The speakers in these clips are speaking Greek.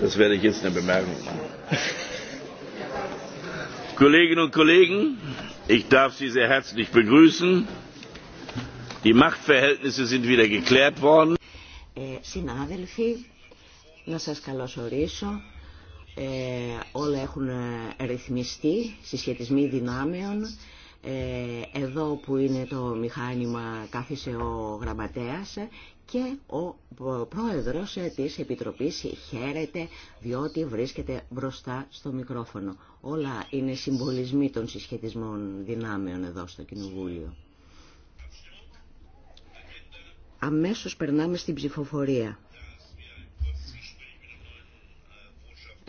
Das werde ich jetzt eine Bemerkung machen. Kolleginnen und Kollegen, ich darf Sie sehr herzlich begrüßen. Die Machtverhältnisse sind wieder geklärt worden. Συνάδελφοι, να σας καλωσορίσω. όλα έχουν ρυθμιστεί, συσχετισμοί δυνάμεων. Ε, εδώ που είναι το μηχάνημα κάθισε ο γραμματέας και ο πρόεδρος της Επιτροπής χαίρεται διότι βρίσκεται μπροστά στο μικρόφωνο. Όλα είναι συμβολισμοί των συσχετισμών δυνάμεων εδώ στο Κοινοβούλιο. Αμέσως περνάμε στην ψηφοφορία.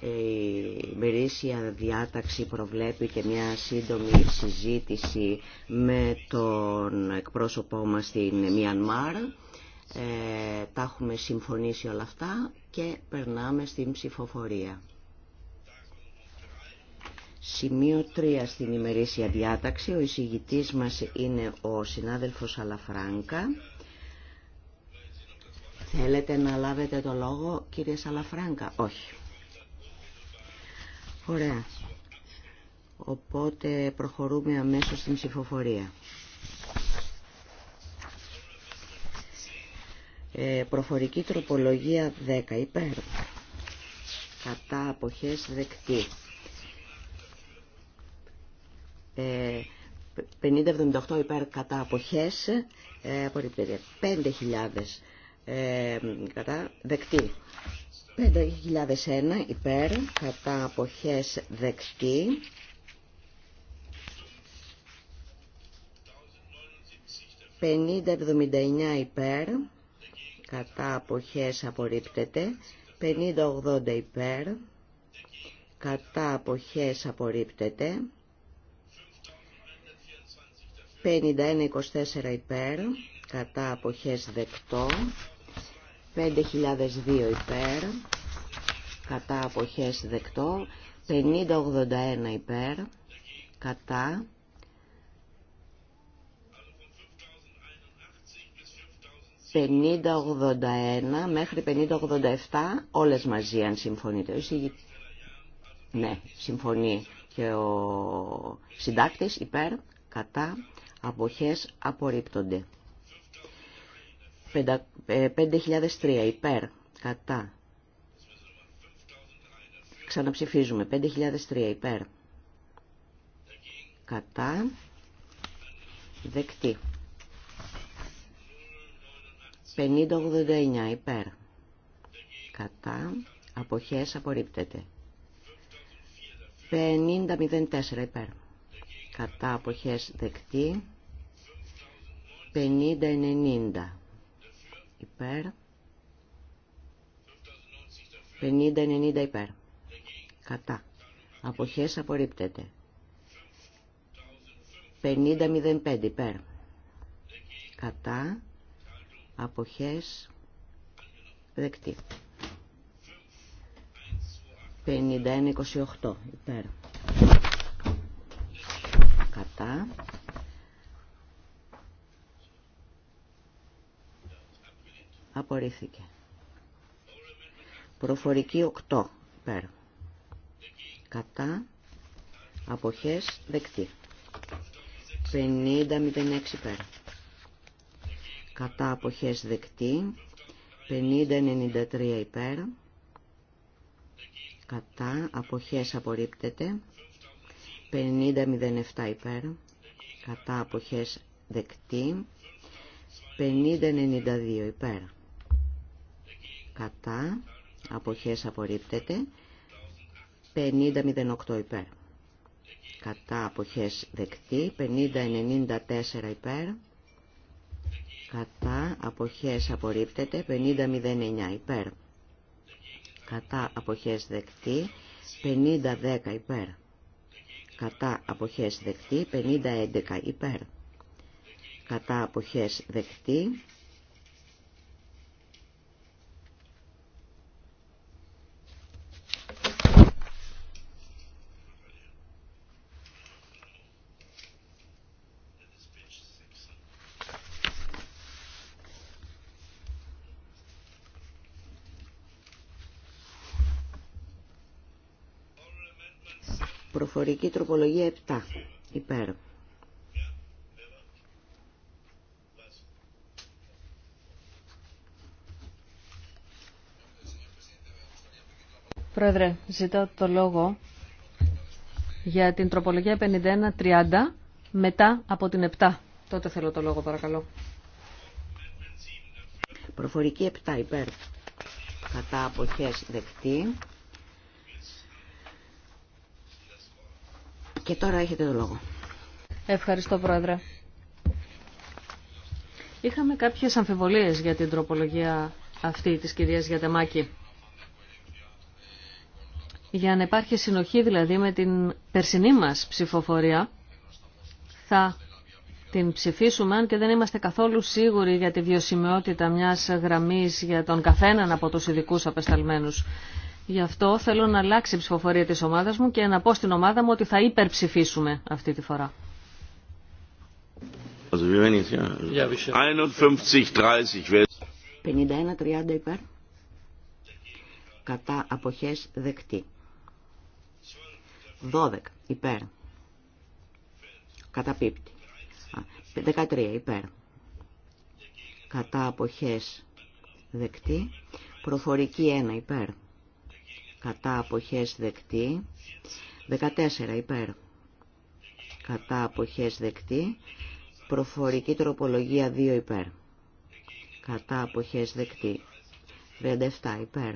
Ε, η μερίσια διάταξη προβλέπει και μια σύντομη συζήτηση με τον εκπρόσωπό μας στην Μιανμάρ. Ε, τα έχουμε συμφωνήσει όλα αυτά και περνάμε στην ψηφοφορία. Σημείο 3 στην ημερήσια διάταξη. Ο εισηγητής μας είναι ο συνάδελφος Αλαφράνκα. Θέλετε να λάβετε το λόγο κύριε Σαλαφράγκα. Όχι. Ωραία. Οπότε προχωρούμε αμέσως στην ψηφοφορία. Ε, προφορική τροπολογία 10 υπέρ. Κατά αποχές δεκτή. Ε, 50-78 υπέρ κατά αποχές ε, 5.000 ε, κατά δεκτή. 5.001 υπέρ, κατά αποχές δεκτή. 50.79 υπέρ, κατά αποχές απορρίπτεται. 50.80 υπέρ, κατά αποχές απορρίπτεται. 51.24 υπέρ, κατά αποχές δεκτό. 5.002 υπέρ, κατά αποχές δεκτό, 50.81 υπέρ, 5081 μεχρι 5087 όλες μαζί αν συμφωνείτε. Ναι, συμφωνεί και ο συντάκτης υπέρ, κατά, αποχές απορρίπτονται. 5.003 ε, υπέρ, κατά. Ξαναψηφίζουμε. 5.003 υπέρ. Κατά. Δεκτή. 50.89 υπέρ. Κατά. Αποχές απορρίπτεται. 50.04 υπέρ. Κατά αποχές δεκτή. 50.90 υπέρ 50-90 υπέρ κατά αποχές απορρίπτεται 50-05 υπέρ κατά αποχές δεκτή 51-28 υπέρ κατά Απορρίφθηκε. Προφορική 8. Υπέρ. Κατά. Αποχές. Δεκτή. 50-06 περα κατα Κατά αποχές δεκτή. 50-93 υπέρ. Κατά αποχές απορρίπτεται. 50-07 υπέρ. Κατά αποχές δεκτή. 50-92 υπέρ κατά αποχές απορρίπτεται 50-08 υπέρ κατά αποχές δεκτή 50-94 υπέρ κατά αποχές απορρίπτεται 50-09 υπέρ κατά αποχές δεκτή 50-10 υπέρ κατά αποχές δεκτή 50-11 υπέρ κατά αποχές δεκτή Προφορική τροπολογία 7. Υπέρ. Πρόεδρε, ζητώ το λόγο για την τροπολογία 51-30 μετά από την 7. Τότε θέλω το λόγο, παρακαλώ. Προφορική 7 υπέρ. Κατά αποχές δεκτή. Και τώρα έχετε το λόγο. Ευχαριστώ Πρόεδρε. Είχαμε κάποιες αμφιβολίες για την τροπολογία αυτή της κυρίας Γιατεμάκη. Για να υπάρχει συνοχή δηλαδή με την περσινή μας ψηφοφορία, θα την ψηφίσουμε αν και δεν είμαστε καθόλου σίγουροι για τη βιωσιμότητα μιας γραμμής για τον καθέναν από τους ειδικού απεσταλμένους. Γι' αυτό θέλω να αλλάξει η ψηφοφορία της ομάδας μου και να πω στην ομάδα μου ότι θα υπερψηφίσουμε αυτή τη φορά. 51-30 υπέρ. Κατά αποχές δεκτή. 12 υπέρ. Κατά πίπτη. 13 υπέρ. Κατά αποχές δεκτή. Προφορική 1 υπέρ κατά αποχές δεκτή, 14 υπέρ, κατά αποχές δεκτή, προφορική τροπολογία 2 υπέρ, κατά αποχές δεκτή, 37 υπέρ,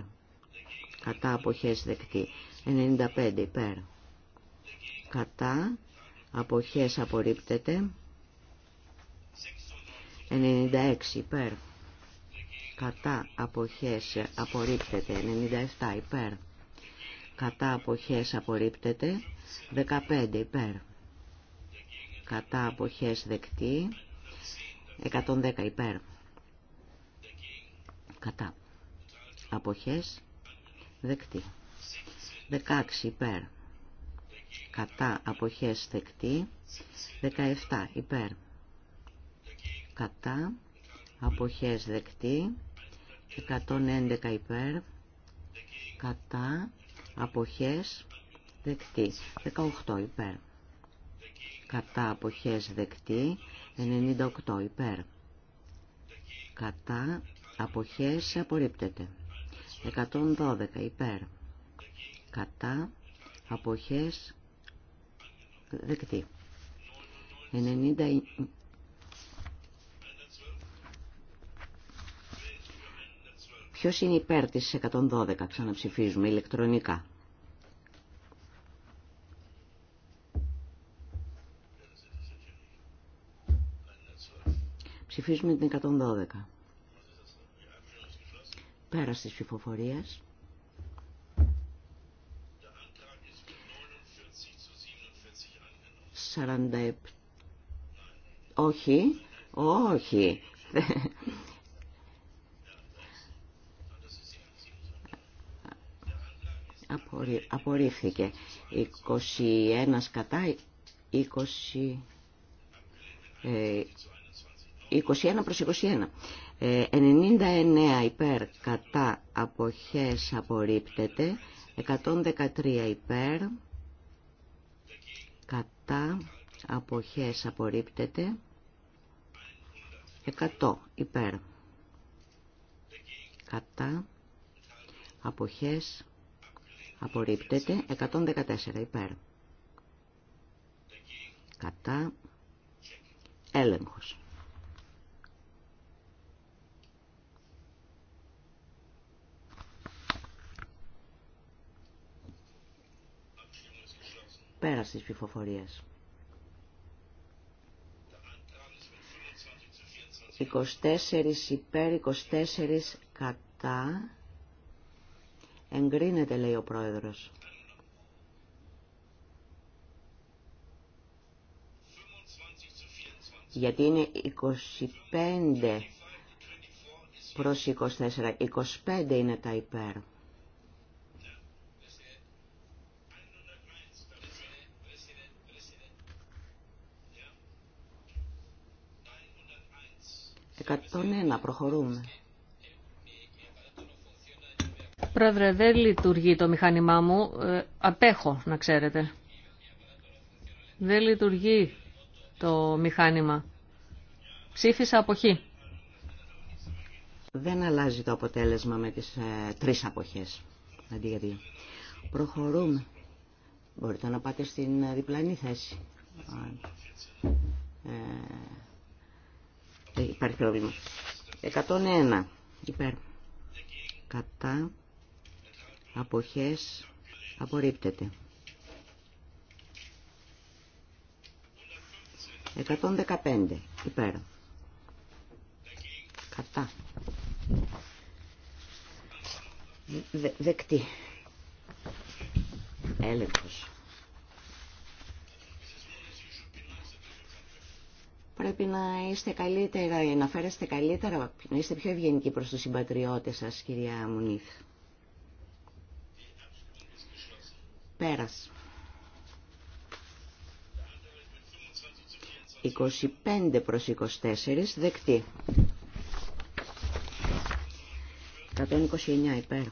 κατά αποχές δεκτή, 95 υπέρ, κατά αποχές απορρίπτεται, 96 υπέρ, κατά αποχές απορρίπτεται, 97 υπέρ κατά αποχές απορρίπτεται 15 υπέρ κατά αποχές δεκτή 110 υπέρ κατά αποχές δεκτή 16 υπέρ κατά αποχές δεκτή 17 υπέρ κατά αποχές δεκτή 111 υπέρ κατά αποχές δεκτή 18 υπέρ κατά αποχές δεκτή 98 υπέρ κατά αποχές απορρίπτεται 112 υπέρ κατά αποχές δεκτή Ποιος είναι υπέρ της 112, ξαναψηφίζουμε ηλεκτρονικά. Ψηφίζουμε την 112. Πέρα της ψηφοφορίας. 47. Όχι, όχι. απορρίφθηκε 21 κατά 21 ε, προς 21 99 ε, υπέρ κατά αποχές απορρίπτεται 113 υπέρ κατά αποχές απορρίπτεται 100 υπέρ κατά αποχές Απορρίπτεται 114 υπέρ. Κατά έλεγχος. Πέρας της ψηφοφορίας. 24 υπέρ, 24 κατά. Εγκρίνεται, λέει ο πρόεδρος. Γιατί είναι 25 προς 24. 25 είναι τα υπέρ. Εκατόν ένα, προχωρούμε. Πρόεδρε, δεν λειτουργεί το μηχάνημά μου. Ε, απέχω, να ξέρετε. Δεν λειτουργεί το μηχάνημα. Ψήφισα αποχή. Δεν αλλάζει το αποτέλεσμα με τις ε, τρεις αποχές. Αντί για Προχωρούμε. Μπορείτε να πάτε στην ε, διπλανή θέση. Ε, υπάρχει πρόβλημα. 101. Υπέρ. Κατά αποχές απορρίπτεται 115 υπέρ κατά δεκτή έλεγχος πρέπει να είστε καλύτερα, να φέρεστε καλύτερα, να είστε πιο ευγενικοί προς τους συμπατριώτες σας, κυρία Μουνίθ. Πέρας. 25 προς 24 δεκτή. 129 υπέρ.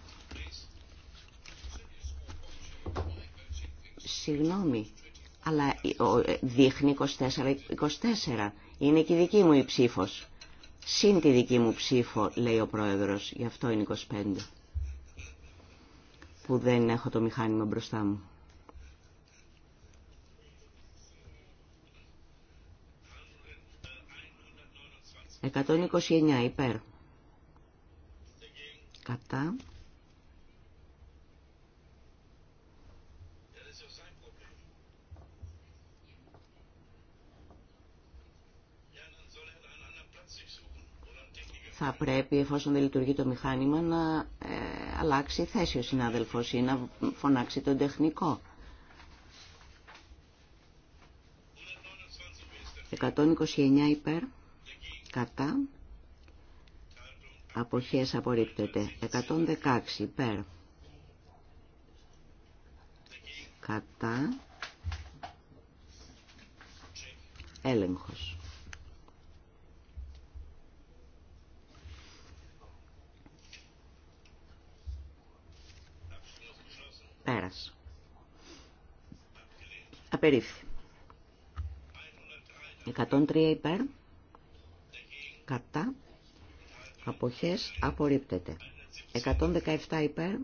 Συγγνώμη, αλλά ε, ε, δείχνει 24-24. Είναι και η δική μου η ψήφος. Συν τη δική μου ψήφο, λέει ο πρόεδρος, γι' αυτό είναι 25 που δεν έχω το μηχάνημα μπροστά μου. 129 υπέρ. Κατά. θα πρέπει εφόσον δεν λειτουργεί το μηχάνημα να ε, αλλάξει θέση ο συνάδελφος ή να φωνάξει τον τεχνικό. 129 υπέρ, κατά, αποχές απορρίπτεται. 116 υπέρ, κατά, έλεγχος. Πέρας. Απερίφθη. 103 υπέρ. Κατά. Αποχές απορρίπτεται. 117 υπέρ.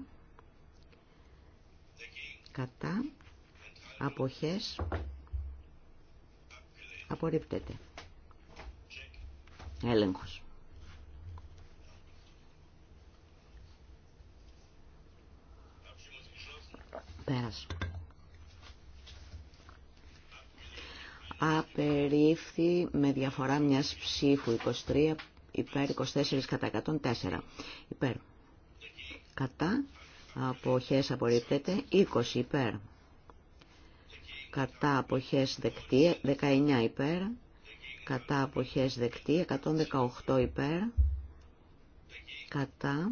Κατά. Αποχές απορρίπτεται. Έλεγχος. Πέρας. Απερίφθη με διαφορά μιας ψήφου 23 υπέρ 24 κατά 104. Υπέρ. Κατά. Αποχές απορρίπτεται 20 υπέρ. Κατά αποχές δεκτή 19 υπέρ. Κατά αποχές δεκτή 118 υπέρ. Κατά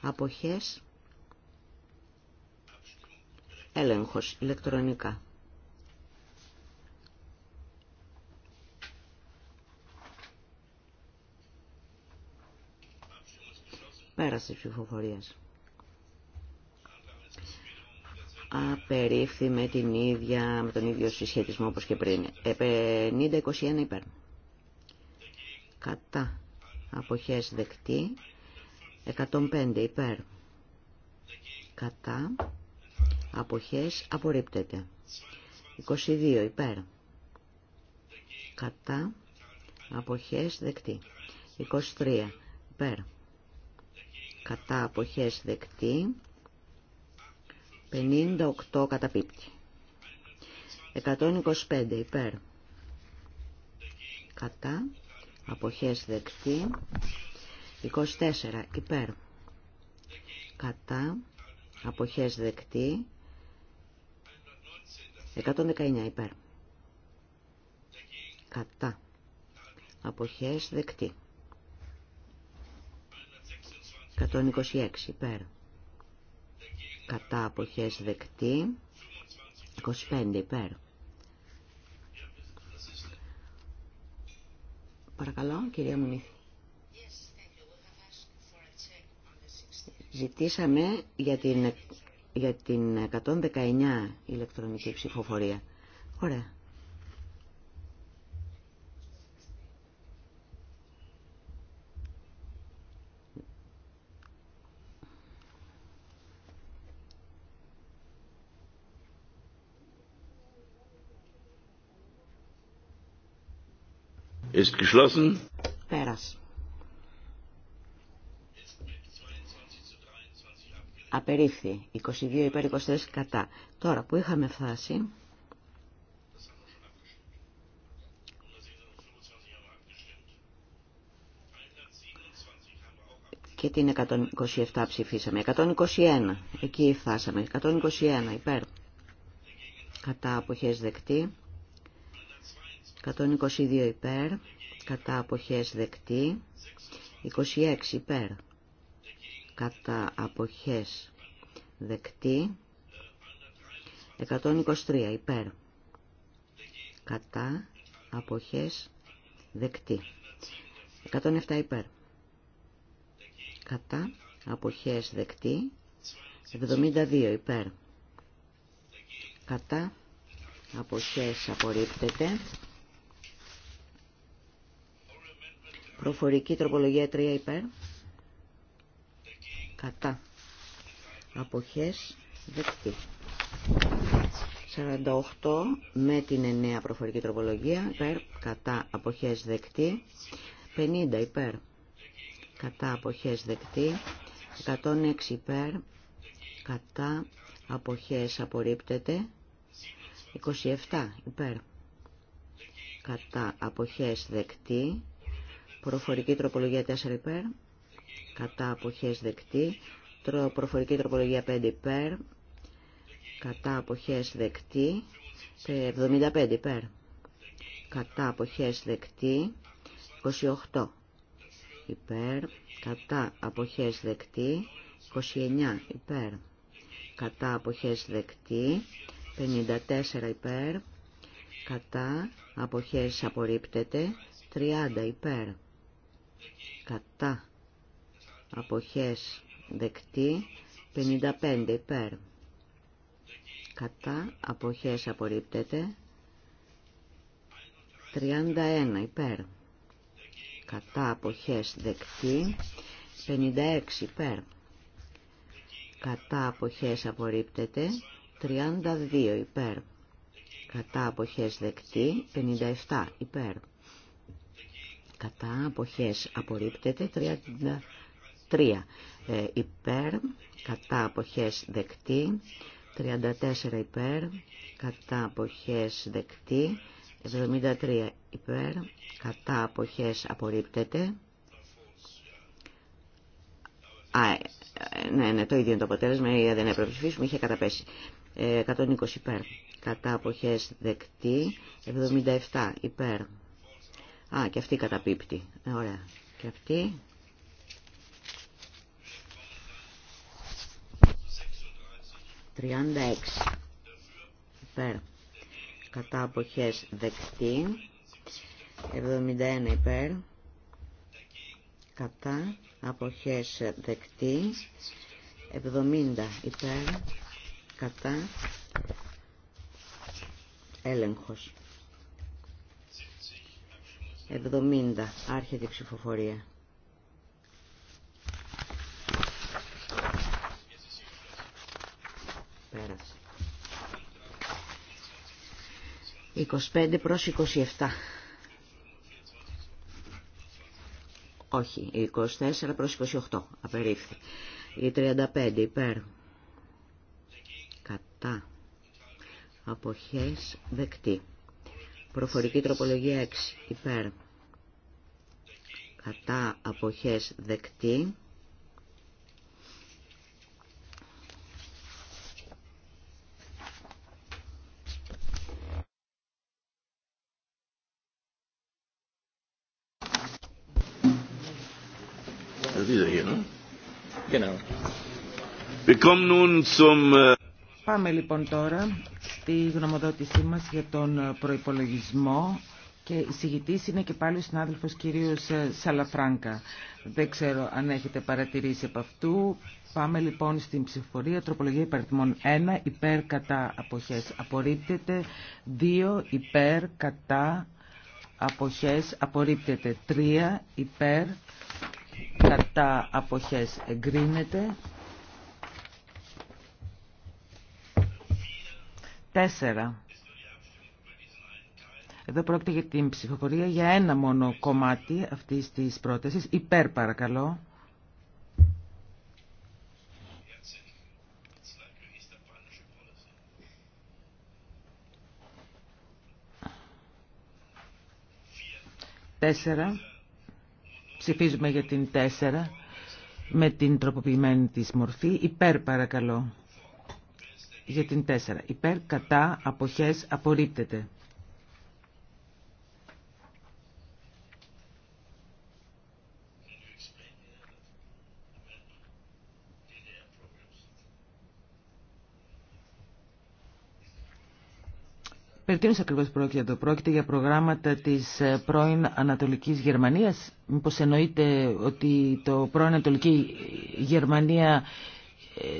αποχές έλεγχος ηλεκτρονικά. Πέρασε της ψηφοφορίας. Απερίφθη με, την ίδια, με τον ίδιο συσχετισμό όπως και πριν. 50-21 ε, υπέρ. Κατά. Αποχές δεκτή. 105 υπέρ. Κατά Αποχές απορρίπτεται. 22 υπέρ. Κατά. Αποχές δεκτή. 23 υπέρ. Κατά αποχές δεκτή. 58 καταπίπτει. 125 υπέρ. Κατά. Αποχές δεκτή. 24 υπέρ. Κατά. Αποχές δεκτή. 119 υπέρ. Κατά. Αποχές δεκτή. 126 υπέρ. Κατά αποχές δεκτή. 25 υπέρ. Παρακαλώ, κυρία Μουνίθη. Ζητήσαμε για την για την 119 ηλεκτρονική ψηφοφορία. Ωραία. Ist geschlossen. Πέρας. Απερίφθη. 22 υπέρ 24. κατά. Τώρα που είχαμε φτάσει... Και την 127 ψηφίσαμε. 121. Εκεί φτάσαμε. 121 υπέρ. Κατά αποχές δεκτή. 122 υπέρ. Κατά αποχές δεκτή. 26 υπέρ κατά αποχές δεκτή 123 υπέρ κατά αποχές δεκτή 107 υπέρ κατά αποχές δεκτή 72 υπέρ κατά αποχές απορρίπτεται προφορική τροπολογία 3 υπέρ κατά αποχές δεκτή 48 με την 9 προφορική τροπολογία υπέρ κατά αποχές δεκτή 50 υπέρ κατά αποχές δεκτή 106 υπέρ κατά αποχές απορρίπτεται 27 υπέρ κατά αποχές δεκτή προφορική τροπολογία 4 υπέρ κατά αποχές δεκτή, προφορική τροπολογία 5 υπέρ, κατά αποχές δεκτή, 75 υπέρ, κατά αποχές δεκτή, 28 υπέρ, κατά αποχές δεκτή, 29 υπέρ, κατά αποχές δεκτή, 54 υπέρ, κατά αποχές απορρίπτεται, 30 υπέρ, κατά αποχές δεκτή 55 υπέρ κατά αποχές απορρίπτεται 31 υπέρ κατά αποχές δεκτή 56 υπέρ κατά αποχές απορρίπτεται 32 υπέρ κατά αποχές δεκτή 57 υπέρ κατά αποχές απορρίπτεται 30 3 ε, υπέρ, κατά αποχές δεκτή, 34 υπέρ, κατά αποχές δεκτή, 73 υπέρ, κατά αποχές απορρίπτεται. Α, ε, ναι, ναι, το ίδιο είναι το αποτέλεσμα, δεν έπρεπε να ψηφίσουμε, είχε καταπέσει. 120 ε, υπέρ, κατά αποχές δεκτή, 77 υπέρ. Α, και αυτή καταπίπτει. Ωραία. Και αυτή 36 υπέρ κατά αποχές δεκτή 71 υπέρ κατά αποχές δεκτή 70 υπέρ κατά έλεγχος 70 άρχεται η ψηφοφορία 25 προς 27. Όχι, 24 προς 28. Απερίφθη. Η 35 υπέρ. Κατά. Αποχές δεκτή. Προφορική τροπολογία 6 υπέρ. Κατά αποχές δεκτή. Äh, Πάμε λοιπόν τώρα στη γνωμοδότησή μας για τον ε, προϋπολογισμό και η συγητής είναι και πάλι ο συνάδελφος κύριος ε, Σαλαφράνκα. Δεν ξέρω αν έχετε παρατηρήσει από αυτού. Πάμε λοιπόν στην ψηφορία. Τροπολογία υπαριθμών 1 υπέρ κατά αποχές απορρίπτεται. 2 υπέρ κατά αποχές απορρίπτεται. 3 υπέρ κατά αποχές εγκρίνεται. 4. Εδώ πρόκειται για την ψηφοφορία για ένα μόνο κομμάτι αυτής της πρότασης. Υπέρ παρακαλώ. Τέσσερα. Ψηφίζουμε για την τέσσερα με την τροποποιημένη της μορφή. Υπέρ παρακαλώ για την 4. Υπέρ, κατά, αποχές, απορρίπτεται. Περί τίνος ακριβώς πρόκειται εδώ. Πρόκειται για προγράμματα της ε, πρώην Ανατολικής Γερμανίας. Μήπως εννοείται ότι το πρώην Ανατολική Γερμανία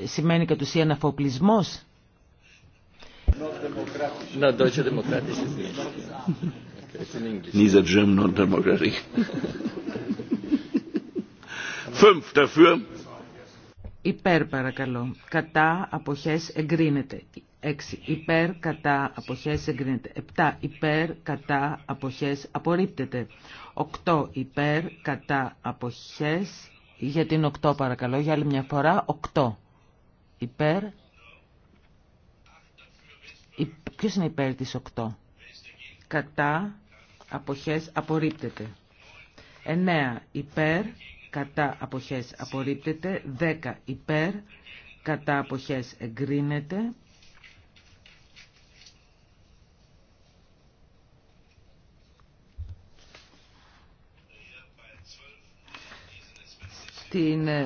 ε, σημαίνει κατ' ουσίαν αφοπλισμός deutsche Demokratische Υπέρ παρακαλώ. Κατά αποχές εγκρίνεται. 6. Υπέρ κατά αποχές εγκρίνεται. 7. Υπέρ κατά αποχές απορρίπτεται. 8. Υπέρ κατά αποχές για την 8 παρακαλώ. Για άλλη μια φορά 8. Υπέρ Ποιος είναι υπέρ της 8. Κατά αποχές απορρίπτεται. 9 υπέρ κατά αποχές απορρίπτεται. 10 υπέρ κατά αποχές εγκρίνεται.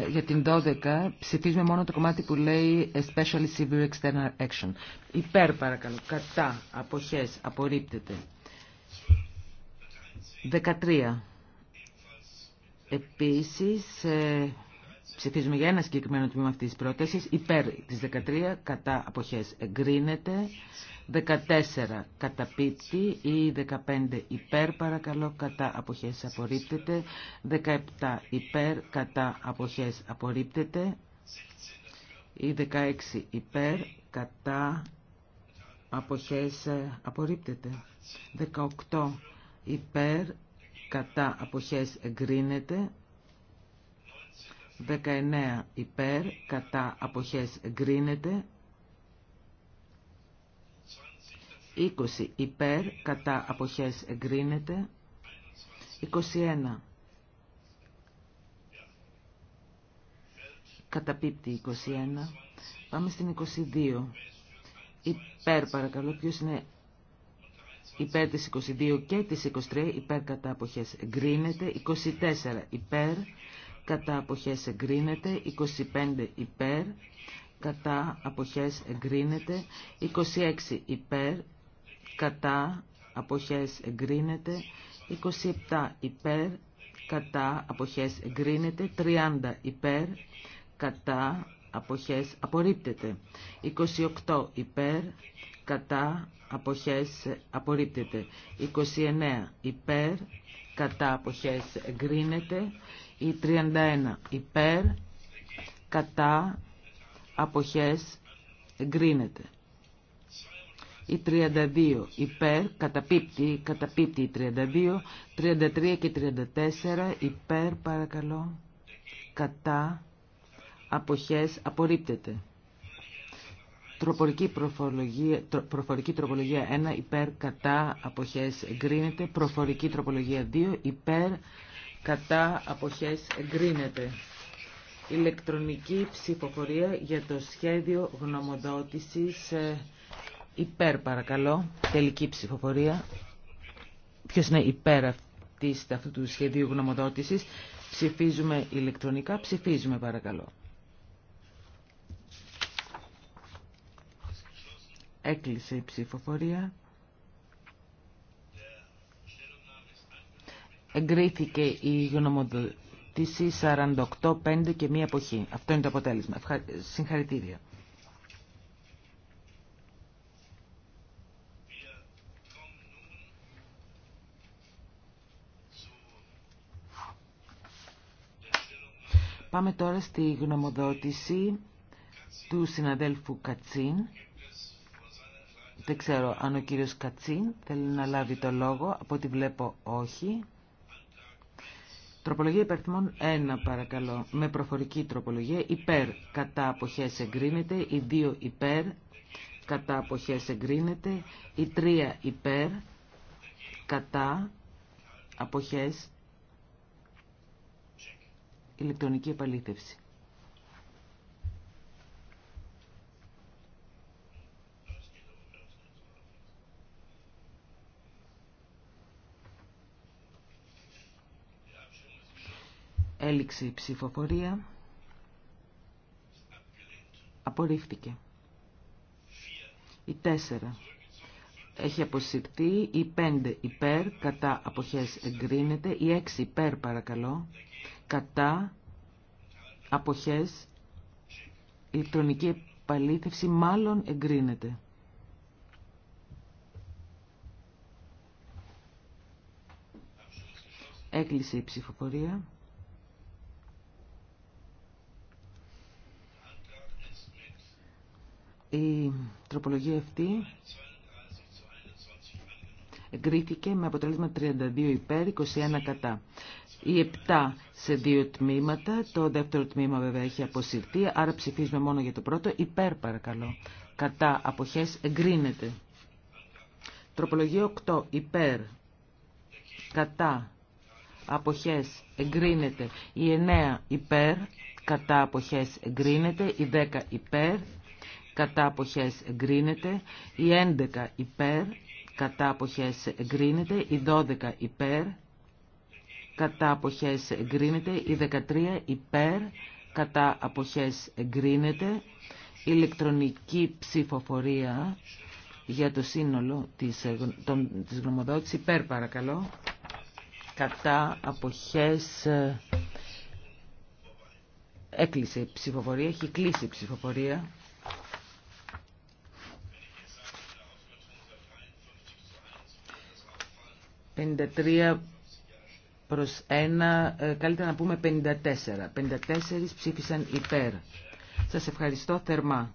για την 12 ψηφίζουμε μόνο το κομμάτι που λέει Especially Severe External Action. Υπέρ παρακαλώ. Κατά. Αποχές. Απορρίπτεται. 13. Επίσης... Ε, Ψηφίζουμε για ένα συγκεκριμένο τμήμα αυτής της πρότασης. Υπέρ της 13 κατά αποχές εγκρίνεται. 14 κατά καταπίπτει ή 15 υπέρ παρακαλώ κατά αποχές απορρίπτεται. 17 υπέρ κατά αποχές απορρίπτεται. Ή 16 υπέρ κατά αποχές απορρίπτεται. 18 υπέρ κατά αποχές εγκρίνεται. 19 υπέρ, κατά αποχές εγκρίνεται. 20 υπέρ, κατά αποχές εγκρίνεται. 21. Καταπίπτει 21. Πάμε στην 22. Υπέρ παρακαλώ. Ποιος είναι υπέρ της 22 και της 23. Υπέρ κατά αποχές εγκρίνεται. 24. Υπέρ κατά αποχές εγκρίνεται, 25 υπέρ, κατά αποχές εγκρίνεται, 26 υπέρ, κατά αποχές εγκρίνεται, 27 υπέρ, κατά αποχές εγκρίνεται, 30 υπέρ, κατά αποχές απορρίπτεται, 28 υπέρ, κατά αποχές απορρίπτεται, 29 υπέρ, κατά αποχές εγκρίνεται, η 31 υπέρ, κατά, αποχές, εγκρίνεται. Η 32 υπέρ, καταπίπτει, καταπίπτει η 32, 33 και 34 υπέρ, παρακαλώ, κατά, αποχές, απορρίπτεται. Τροπορική προφορική τροπολογία 1 υπέρ κατά αποχές εγκρίνεται. Προφορική τροπολογία 2 υπέρ κατά αποχές εγκρίνεται. Ηλεκτρονική ψηφοφορία για το σχέδιο γνωμοδότησης ε, υπέρ παρακαλώ. Τελική ψηφοφορία. Ποιος είναι υπέρ αυτού του σχεδίου γνωμοδότησης. Ψηφίζουμε ηλεκτρονικά. Ψηφίζουμε παρακαλώ. Έκλεισε η ψηφοφορία. Εγκρίθηκε η γνωμοδοτήση 48-5 και μία εποχή. Αυτό είναι το αποτέλεσμα. Συγχαρητήρια. Πάμε τώρα στη γνωμοδότηση του συναδέλφου Κατσίν. Δεν ξέρω αν ο κύριος Κατσίν θέλει να λάβει το λόγο. Από ό,τι βλέπω όχι. Τροπολογία υπερθμών 1 παρακαλώ, με προφορική τροπολογία υπέρ κατά αποχές εγκρίνεται, η 2 υπέρ κατά αποχές εγκρίνεται, η 3 υπέρ κατά αποχές ηλεκτρονική επαλήθευση. Έληξε η ψηφοφορία. Απορρίφθηκε. Η τέσσερα Έχει αποσυρθεί. Η 5 υπέρ. Κατά αποχές εγκρίνεται. Η 6 υπέρ παρακαλώ. Κατά αποχές ηλεκτρονική επαλήθευση μάλλον εγκρίνεται. Έκλεισε η ψηφοφορία. Η τροπολογία αυτή εγκρίθηκε με αποτέλεσμα 32 υπέρ, 21 κατά. Η 7 σε δύο τμήματα, το δεύτερο τμήμα βέβαια έχει αποσυρθεί, άρα ψηφίζουμε μόνο για το πρώτο, υπέρ παρακαλώ. Κατά αποχές εγκρίνεται. Τροπολογία 8 υπέρ, κατά αποχές εγκρίνεται. Η 9 υπέρ, κατά αποχές εγκρίνεται. Η 10 υπέρ, κατά αποχές εγκρίνεται, η 11 υπέρ, κατά εγκρίνεται, η 12 υπέρ, κατά αποχές εγκρίνεται, η 13 υπέρ, κατά αποχές εγκρίνεται, ηλεκτρονική ψηφοφορία για το σύνολο της, ε, των, της γνωμοδότησης, υπέρ παρακαλώ, κατά αποχές ε, έκλεισε η ψηφοφορία, έχει κλείσει η ψηφοφορία. 53 προς 1, ε, καλύτερα να πούμε 54. 54 ψήφισαν υπέρ. Σας ευχαριστώ θερμά.